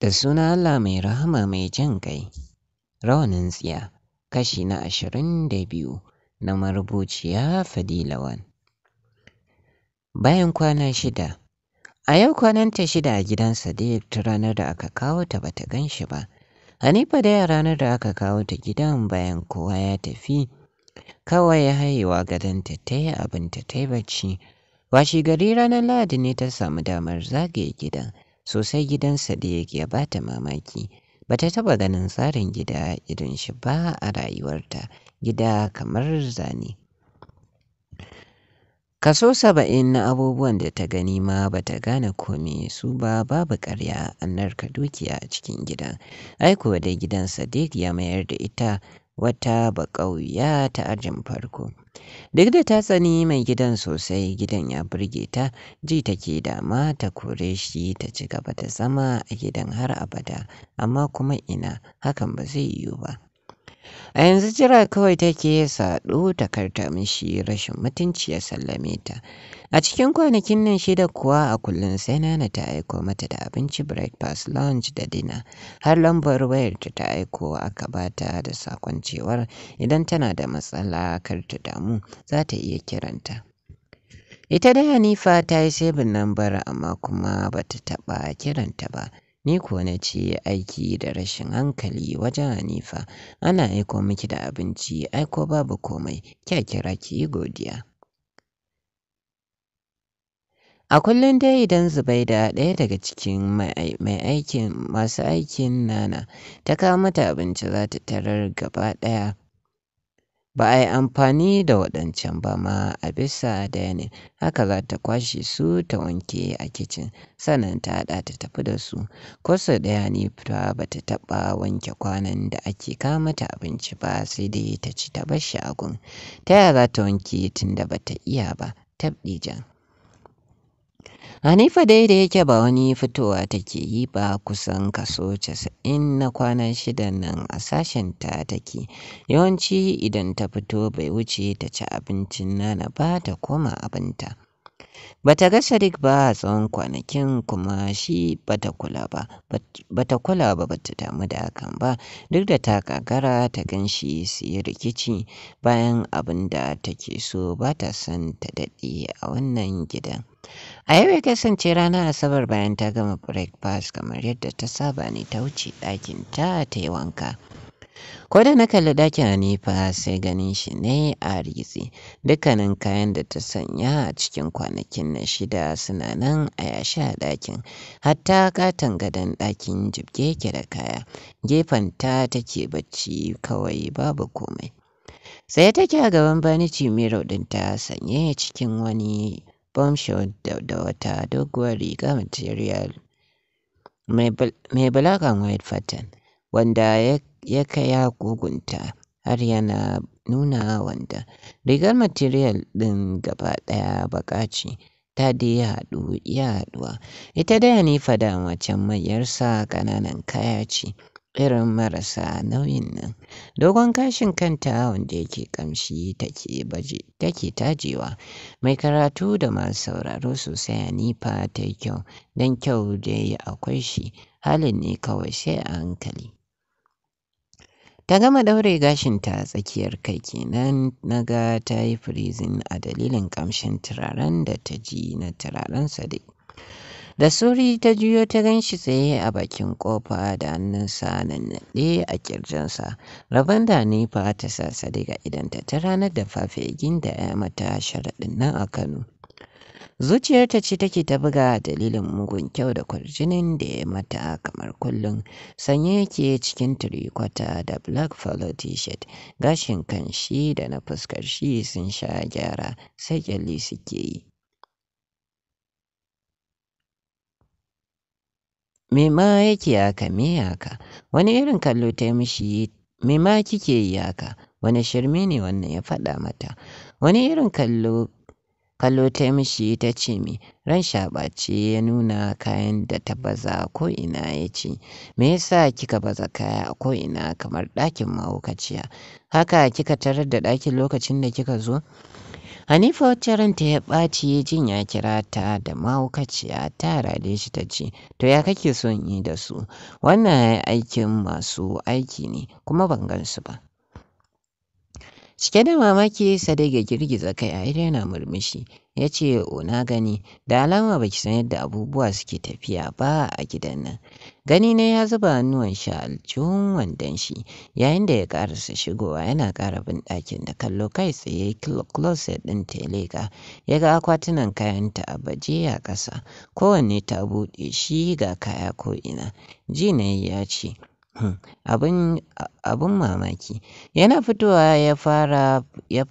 Da suna Allah mai rahama mai jan kai. Rawanin tsiya kashi na ashirin da biyu na marubuciya Fadilawan. Bayan kwana shida, a yau kwananta shida a gidan Sadiq ta ranar da aka kawo ta bata gan shi ba. Hanifa da ranar da aka kawo ta gidan bayan kowa ya tafi, kawai haihuwa gadonta ta yi abinta ta yi bacci. Washi gari ranar Lahadi ne ta samu damar zagaye gidan. sosai gidan Sadiq ya ba ta mamaki. Ba ta taɓa ganin tsarin gida irin shi ba a rayuwarta, gida kamar zane. Kaso saba'in na abubuwan da ta gani ma ba ta gane kome su ba babu karya annar ka dukiya a cikin gidan. Aiko da gidan Sadiq ya mayar da ita wata baƙauya ta ajin farko. Duk da ta tsani mai gidan sosai gidan ya burge ta ji take dama ta kore shi ta ci gaba da zama a gidan har abada amma kuma ina hakan ba zai yiwu ba A yanzu jira kawai take saɗo ta karta mishi rashin mutunci ya sallame ta. A cikin kwanakin nan shida kuwa a kullum sai Nana ta aiko mata da abinci breakfast lunch da dinner har lambar wayarta ta aiko aka bata da sakon cewar idan tana da matsala kar ta damu za ta iya kiranta. Ita da Hanifa ta yi sabin lambar amma kuma bata taɓa kiranta ba. Ni kuwa na ce aiki da rashin hankali wajen Hanifa. Ana aiko miki da abinci aiko babu komai, kya kira ki godiya. A kullum dai idan Zubaida ɗaya daga cikin mai aikin masu aikin Nana ta kawo mata abinci za ta tarar gaba ɗaya Ba a yi amfani da waɗancan ba ma a bisa dining, haka za ta kwashe su ta wanke a kicin, sannan ta haɗa ta tafi da su. Ko ɗaya fita ba ta taɓa wanke kwanan da ake kama ta abinci ba sai dai ta ci ta bar shi a gun. Ta yaya za ta wanke tun da ba ta iya ba? Tabɗi Hanifa dai da yake ba wani fitowa take yi ba kusan kaso casa'in na kwanan shida nan a sashen ta take, yawanci idan ta fito bai wuce ta ci abincin Nana ba ta koma abinta. Bata ga Sadiq ba a tsawon kwanakin kuma shi bata kula ba, bata kula ba bata damu da hakan ba, duk da ta kakara ta gan shi su yi rikici bayan abin da take so ba ta son ta daɗe a wannan gidan. A yau ya kasance ranar Asabar bayan ta gama breakfast kamar yadda ta saba ne ta wuce ɗakin ta ta yi wanka. Ko da na kalli ɗakin Hanifa sai ganin shi ne a ritse, dukkanin kayan da ta sanya a cikin kwanakin na shida suna nan a yashi a ɗakin, hatta katon gadon ɗakin jibge yake da kaya, gefenta take bacci kawai babu komai. Sai take a gaban baniti miro ta sanye cikin wani bombshell da wata doguwar riga material mai black and white pattern wanda ya ya kaya gugunta har yana nuna wanda rigar material ɗin gaba ɗaya baƙa ce ta dai haɗu ya haɗuwa ita da Hanifa dama can mayarsa ƙananan kaya ce irin marasa nauyin nan dogon kashin kanta wanda yake kamshi take baje take tajewa mai karatu da masu sauraro sosai nifa ta kyau don kyau dai akwai shi halin ne kawai sai a hankali ta gama ɗaure gashinta tsakiyar kai kenan na ga ta yi firizin a dalilin ƙamshin turaren da ta ji na turaren sade da suri ta juyo ta gan shi tsaye a bakin kofa da hannunsa nannaɗe a kirjinsa rabon da fa ta sa daga idan ta ta ranar da fafe ginda ya mata sharaɗin nan a kano Zuciyar ta ce take ta buga dalilin mugun kyau da kwarjinin da ya mata kamar kullum. Sanye yake cikin turikwata da black follow t-shirt. Gashin kan shi da na fuskar shi sun sha gyara sai kyalli suke yi. Me ma yake haka me haka? Wani irin kallo ta yi mishi me kike yi haka? Wani shirme ne wannan ya faɗa mata. Wani irin kallo kallo ta mishi ta ce me ran shabace ya nuna kayan da ta baza ko ina ya ce me yasa kika baza kaya a ina kamar ɗakin mahaukaciya haka kika tarar da ɗakin lokacin da kika zo Hanifa wacce ranta ya ɓaci jin ya kira ta da mahaukaciya ta rade shi ta ce, To ya kake son yi da su, wannan aikin masu aiki ne kuma ban gan su ba. Cike da mamaki Sadiq ya girgiza kai a yana murmushi ya ce o gani da alama baki san yadda abubuwa suke tafiya ba a gidan nan. Gani ne ya zuba hannuwan shi a aljihun wandon shi yayin da ya karasa shigowa yana kara bin ɗakin da kallo kai tsaye closet ɗin teleka ya ga akwatunan kayanta a baje a ƙasa kowanne ta buɗe shi ga kaya ko ina ji ne ya ce Abin mamaki, yana fitowa ya fara ya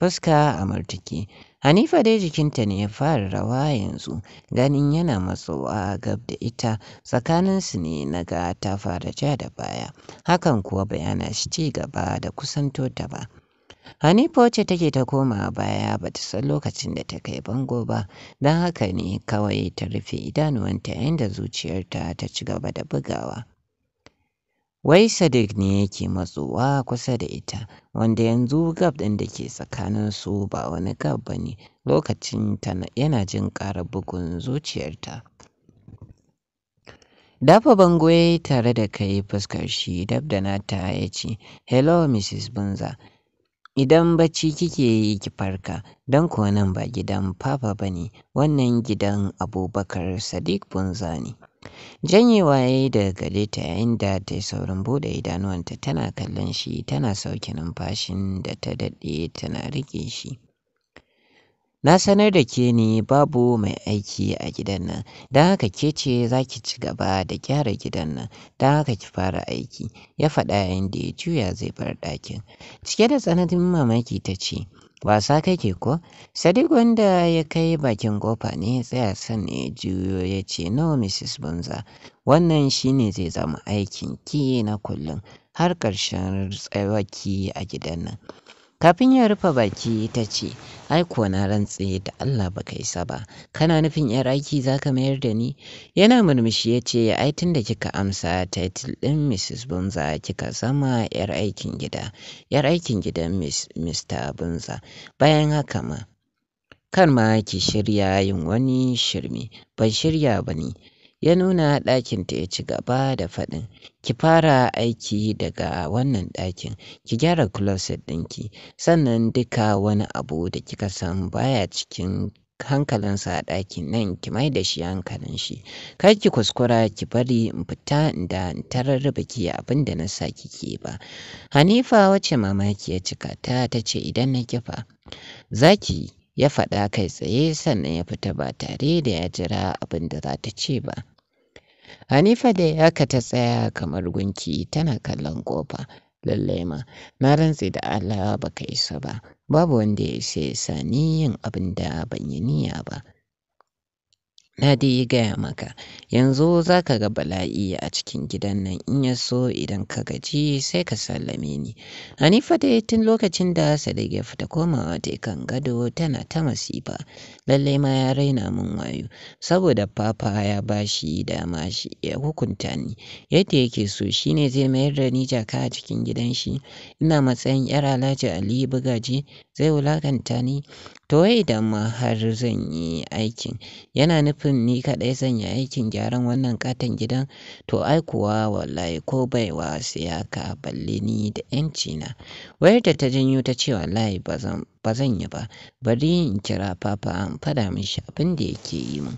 fuska a murtuke. Hanifa dai jikinta ne ya fara rawa yanzu, ganin yana matsowa gab da ita, tsakaninsu ne na ga ta fara ja da baya, hakan kuwa bayana shi ci gaba da kusantota ba. Hanifa wacce take ta koma baya ba ta san lokacin da ta kai bango ba, don haka ne kawai ta rufe idanuwanta inda zuciyarta ta ci gaba da bugawa. Wai Sadiq ne yake matsowa kusa da ita, wanda yanzu gab ɗin da ke tsakanin su ba wani gab ba ne, lokacin ta yana jin ƙara bugun zuciyarta. Dafa bango tare da kai fuskar shi dab da nata ya ce, Hello Mrs. Bunza. Idan bacci kike yi ki farka, don kuwa nan ba gidan Papa ba ne, wannan gidan Abubakar Sadiq Bunza ne. Janyewa ya yi daga gare yayin da ta yi saurin buɗe idanuwanta tana kallon shi tana sauke numfashin da ta daɗe tana riƙe shi. Na sanar da ke ni babu mai aiki a gidan nan, don haka ke ce za ki ci gaba da gyara gidan nan, don haka ki fara aiki, ya faɗa inda ya juya zai bar ɗakin. Cike da tsananin mamaki ta ce, wasa kake ko? Sadiq wanda ya kai bakin kofa ne tsaya san ya juyo ya ce no Mrs. Bunza, wannan shine zai zama aikin ki na kullum har ƙarshen tsawaki a gidan nan. Kafin ya rufe baki ta ce, Ai kuwa na rantse da Allah ba kai sa ba, kana nufin ‘yar aiki za ka mayar da ni? Yana murmushi ya ce, Ai tun da kika amsa title ɗin Mrs. Bunza kika zama ‘yar aikin gida, ‘yar aikin gidan Mr. Bunza. Bayan haka ma, kan ma ki shirya yin wani shirme, ban shirya ba ne. ya nuna ɗakinta ya ci gaba da faɗin ki fara aiki daga wannan ɗakin ki gyara closet ɗinki sannan duka wani abu da kika san baya cikin hankalinsa a ɗakin nan ki mai da shi hankalin shi kar ki kuskura ki bari in fita da in tarar baki abin da na sa kike ba hanifa wacce mamaki ya cika ta tace idan na kifa Zaki. ki ya faɗa kai tsaye sannan ya fita ba tare da ya jira abin da za ta ce ba. Hanifa da yaka ta tsaya kamar gunki tana kallon kofa. Lallai ma, na rantse da Allah baka isa ba, babu wanda ya isa sani yin abin da ban yi niyya ba. Na yi gaya maka, yanzu za ka ga bala'i a cikin gidan nan in ya so idan ka gaji sai ka sallame ni. Hanifa dai tun lokacin da Sadiq ya fita komawa ta kan gado tana ta masifa. Lallai ma ya raina min wayo, saboda papa ya bashi dama shi ya hukunta ni. Yadda yake so shine zai mayar da ni jaka a cikin gidan shi. Ina matsayin 'yar Alhaji Ali Bugaji zai wulakanta ni. To wai idan ma har zan yi aikin, yana nufin ni kaɗai zan yi aikin gyaran wannan ƙaton gidan? To ai kuwa wallahi ko baiwa sai haka balle ni da 'yanci na. Wayar da ta janyo ta ce wallahi ba zan yi ba, bari in kira Papa in faɗa mishi abin da yake yi min.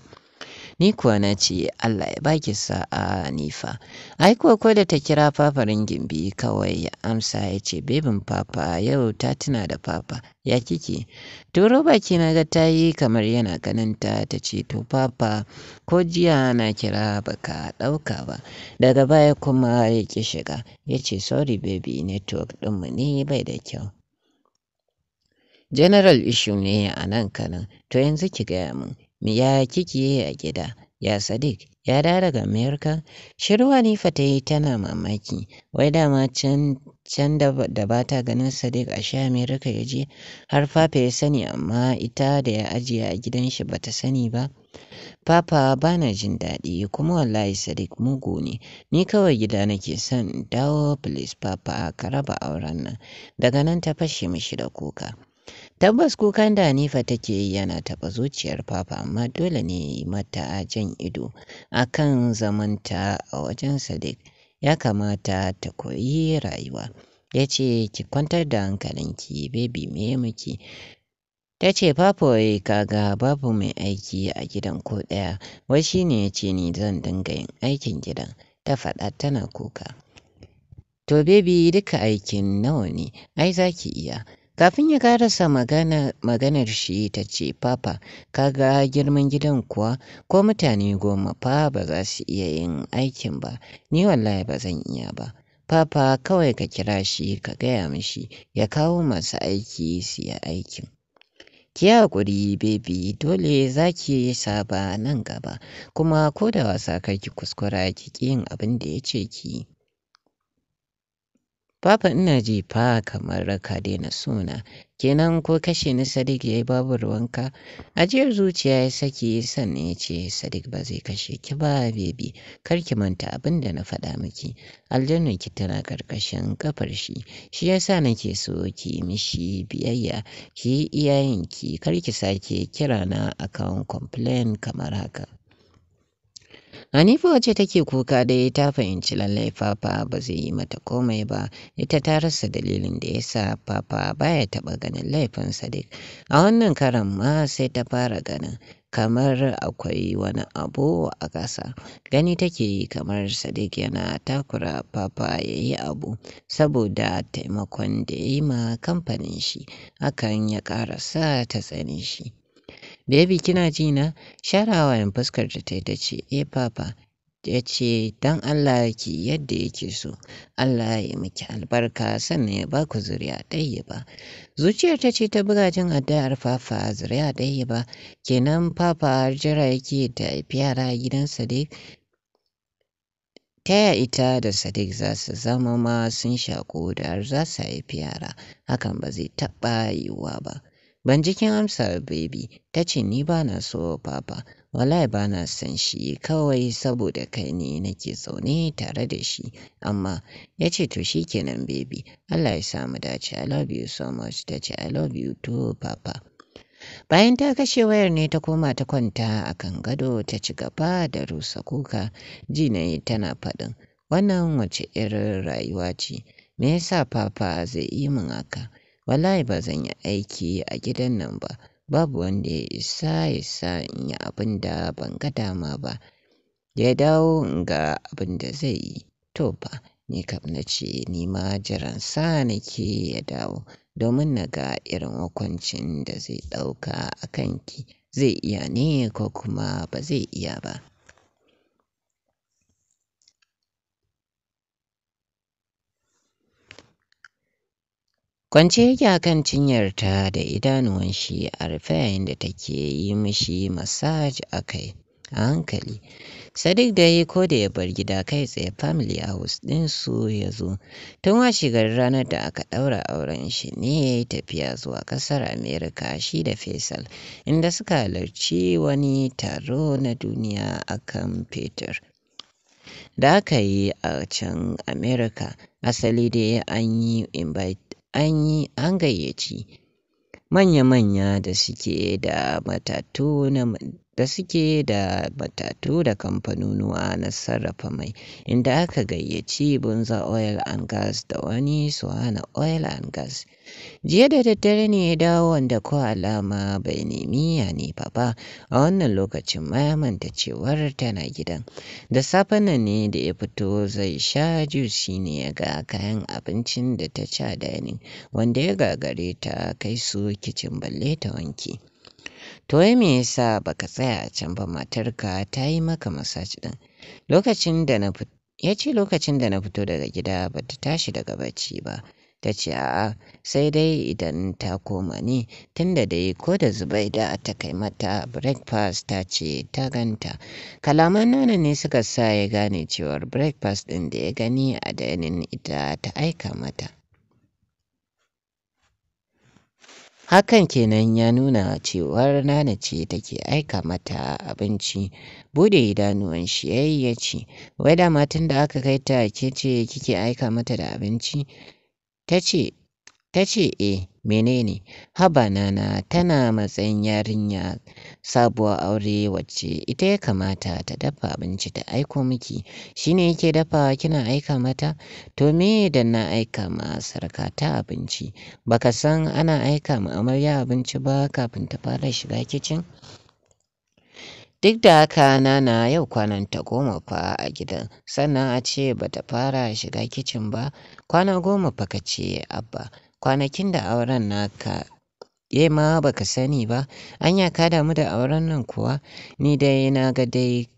ni kuwa na ce Allah ya baki sa'a ni fa ai kuwa ko da ta kira fafarin gimbi kawai ya amsa ya ce bebin fafa yau ta tuna da fafa ya kike turo baki na ga ta yi kamar yana ganinta ta ce to fafa ko jiya na kira baka ɗauka ba daga baya kuma ya ki shiga ya ce sorry baby network ɗinmu ne bai da kyau general issue ne a nan kanan to yanzu ki gaya mun ya kike yi a gida ya sadiq ya da daga amerika shiru hanifa ta yi tana mamaki wai dama can can da ba ta ganin sadiq a sha amerika ya je har papa ya sani amma ita da ya ajiye a gidan shi bata sani ba Papa bana jin daɗi kuma wallahi Sadiq mugu ne, ni kawai gida nake son dawo please Papa ka raba auren nan, daga nan ta fashe mishi da kuka. Tabbas kukan da Hanifa take yi yana taɓa zuciyar Papa amma dole ne ya yi mata jan ido a kan zamanta a wajen Sadiq, ya kamata ta koyi rayuwa. Ya ce ki kwantar da hankalinki baby me muke. Ta ce "Papa ka kaga babu mai aiki a gidan ko ɗaya, wai shi ne ya ce ni zan dinga yin aikin gidan, ta faɗa tana kuka. To baby duka aikin nawa ne, ai za ki iya. Kafin ya karasa magana, maganar shi ta ce, Papa, kaga girman gidan kuwa, ko mutane goma fa ba za su iya yin aikin ba, ni wallahi ba zan iya ba. Papa kawai ka kira shi ka gaya mishi ya kawo masu aiki su yi aikin. Ki haƙuri bebi dole za ki saba nan gaba kuma ko da wasa kar kuskura ki ƙi yin abin da ya ce ki. yi. Papa ina ji fa kamar ka daina suna, kenan ko kashe ni Sadiq ya yi babu ruwanka? Ajiyar zuciya ya saki sannan ya ce Sadiq ba zai kashe ki ba bebi, kar ki manta abin da na faɗa miki. aljanu ki tana ƙarƙashin ƙafar shi, shi ya yasa nake so ki mishi biyayya, ki yi iyayen ki kar ki sake kira na akan complain kamar haka. Hanifa wacce take kuka dai ta fahimci lallai Papa ba zai yi mata komai ba, ita ta rasa dalilin da ya sa Papa baya taɓa ganin laifin Sadiq. A wannan karan ma sai ta fara ganin kamar akwai wani abu a ƙasa. Gani take yi kamar Sadiq yana takura Papa ya yi abu saboda taimakon da ya yi ma kamfanin shi, hakan ya ƙara sa ta tsane shi. Baby kina ji na? sharawa in fuskar ta yi ta ce, "Eh papa." Ya ce, don Allah ki yadda yake so. Allah ya miki albarka sannan ya ba ku zuriya ba." Zuciyar ta ce ta buga jin addu'ar papa zuriya ba Kenan papa har jira yake ta yara gidan Sadiq. taya ita da Sadiq za su zama ma sun shaƙo da har za su haifi yara hakan ba zai taɓa yiwuwa ba Ban jikin amsa baby, ta ce ni ba na so papa, wallahi ba na son shi kawai saboda kai ne nake zaune tare da shi, amma ya ce to shi kenan baby, Allah ya samu dace, I love you so much, ta ce I love you too papa. Bayan ta kashe wayar ne ta koma ta kwanta a kan gado ta ci gaba da rusa kuka ji na yi tana faɗin wannan wace irin rayuwa ce me yasa papa zai yi min haka Wallahi ba zan yi aiki a gidan nan ba, babu wanda ya isa ya sa in yi abin da ban ga dama ba, ya dawo in ga abin da zai yi. To fa, ni kam na ce ni ma sa nake ya dawo domin na ga irin hukuncin da zai ɗauka a kanki. Zai iya ne ko kuma ba zai iya ba. Kwance yake a kan cinyarta da idanuwan shi a rufe yayin da take yi mishi massage a kai a hankali. Sadiq dai ko da ya bar gida kai tsaye family house din su ya zo. Tun washegarin ranar da aka daura auren shi ne ya yi tafiya zuwa kasar Amerika shi da Faisal, inda suka halarci wani taro na duniya a kan fetur. Da aka yi a can Amerika, asali dai an yi invite an yi an gayyaci manya-manya da suke da matatu na da suke da matatu da kamfanunuwa na sarrafa mai inda aka gayyaci bunza oil and gas da wani suwana oil and gas jiya da daddare ne dawo wanda ko alama bai nemi ya nefa ba a wannan lokacin mayamanta cewar tana gidan da safen nan ne da ya fito zai sha juice ne ya ga kayan abincin da ta ci a dining wanda ya gagare ta kai su kicin balle ta wanki To wai me yasa baka tsaya a can ba matarka ta yi maka masaji ɗin? Lokacin ya ce lokacin da na fito daga gida bata tashi daga bacci ba. Ta ce a'a sai dai idan ta koma ne tunda dai ko da Zubaida ta kai mata breakfast ta ce ta ganta. Kalaman nana ne suka sa ya gane cewar breakfast ɗin da ya gani a dainin ita ta aika mata. Hakan kenan ya nuna cewar Nana ce take aika mata abinci. Bude idanuwan shi yayi ya ce, Wai da matan da aka kai ta ke ce kike aika mata da abinci? Ta ce, Ta ce, E, eh, menene? Haba Nana tana matsayin yarinya. sabuwar aure wacce ita ya kamata ta dafa abinci ta aiko miki shine yake dafawa kina aika mata to me da na aika ma sarka ta abinci baka san ana aika ma amarya abinci ba kafin ta fara shiga kicin Duk da haka Nana yau kwanan ta goma fa a gidan, sannan a ce ba ta fara shiga kicin ba, kwana goma fa ka ce abba, kwanakin da auren naka Ke ma baka sani ba, anya ka damu da auren nan kuwa? Ni dai na ga dai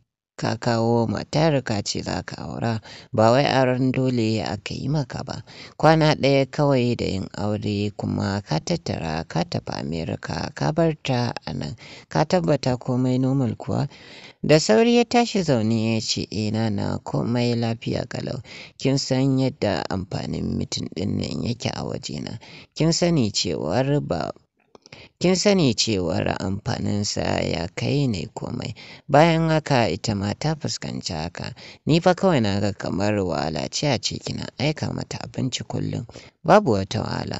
ka kawo matar ka ce za ka aura, ba wai auren dole aka yi maka ba. Kwana ɗaya kawai da yin aure kuma ka tattara ka tafi Amerika ka bar ta a nan, ka tabbata komai nomal kuwa? Da sauri ya tashi zaune ya ce Ina eh, na komai lafiya galau Kin san yadda amfanin mitin ɗin nan yake a wajena. Kin sani cewar ba kin sani cewar amfaninsa ya kai ne komai bayan haka ita ma ta fuskanci haka ni fa kawai na ga kamar wahala ce a ce kina aika mata abinci kullum babu wata wahala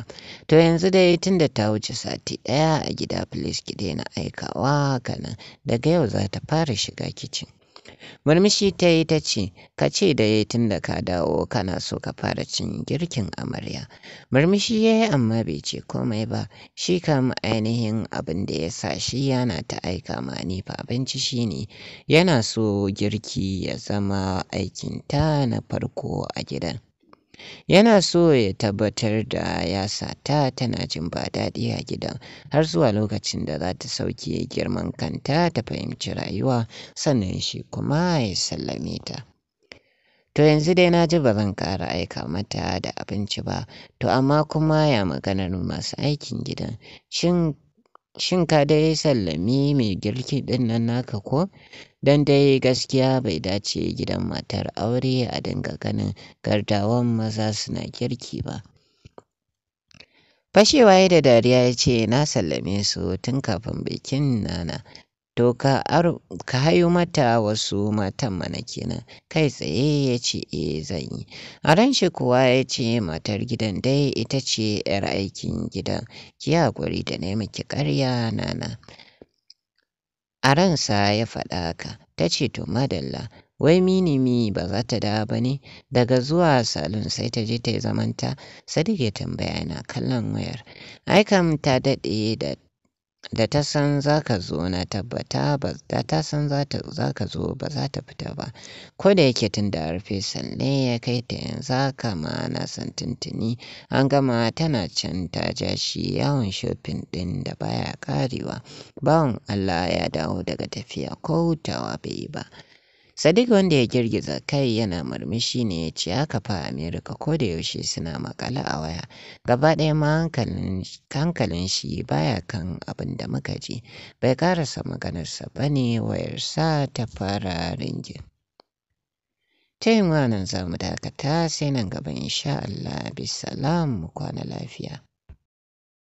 to yanzu dai tunda ta wuce sati ɗaya a gida please ki daina aikawa haka nan daga yau za ta fara shiga kicin Murmushi ta yi ta ce, ka ce da ya tun da ka dawo kana so ka fara cin girkin amarya. Murmushi ya yi amma bai ce komai ba, shi kam ainihin abin da ya sa shi yana ta aika ma ni fa abinci shi ne, yana so girki ya zama aikinta na farko a gidan. Yana so ya tabbatar da ya sata tana jin ba daɗi a gidan har zuwa lokacin da za ta sauke girman kanta ta fahimci rayuwa sannan shi kuma ya sallame ta. To yanzu dai na ji ba zan ƙara aika mata da abinci ba, to amma kuma ya maganar masu aikin gidan, shin shin ka dai sallami mai girki din nan naka ko? Don dai gaskiya bai dace gidan matar aure a dinga ganin gardawan maza suna girki ba. Fashewa da dariya ya ce na sallame su tun kafin bikin nana to ka aro ka hayo mata wasu matan mana kenan kai tsaye ya ce e zan yi a ran shi kuwa ya ce matar gidan dai ita ce 'yar aikin gidan ki haƙuri da ne miki ƙarya nana a ransa ya faɗa ka? ta ce to madalla wai minimi ba za ta dawo ba ne daga zuwa salon sai ta je ta yi zamanta sadiq ya tambaya na kallon wayar ai ta daɗe da Da ta san za ka zo na tabbata ba da ta san za ka zo ba za ta fita ba. Ko da yake tun da harfe sanne ya kai ta yanzu haka ma na san tuntuni an gama tana can ta ja shi yawon shopping ɗin da baya karewa Bawan Allah ya dawo daga tafiya ko hutawa bai yi ba. Sadiq wanda ya girgiza kai yana murmushi ne ya ce aka fa Amerika ko da yaushe suna makala a waya. Gaba ɗaya ma hankalin shi baya kan abin da muka ji. Bai karasa maganarsa ba ne wayarsa ta fara ringin. Ta yin nan za mu dakata sai nan gaba insha Allah bisalam mu kwana lafiya.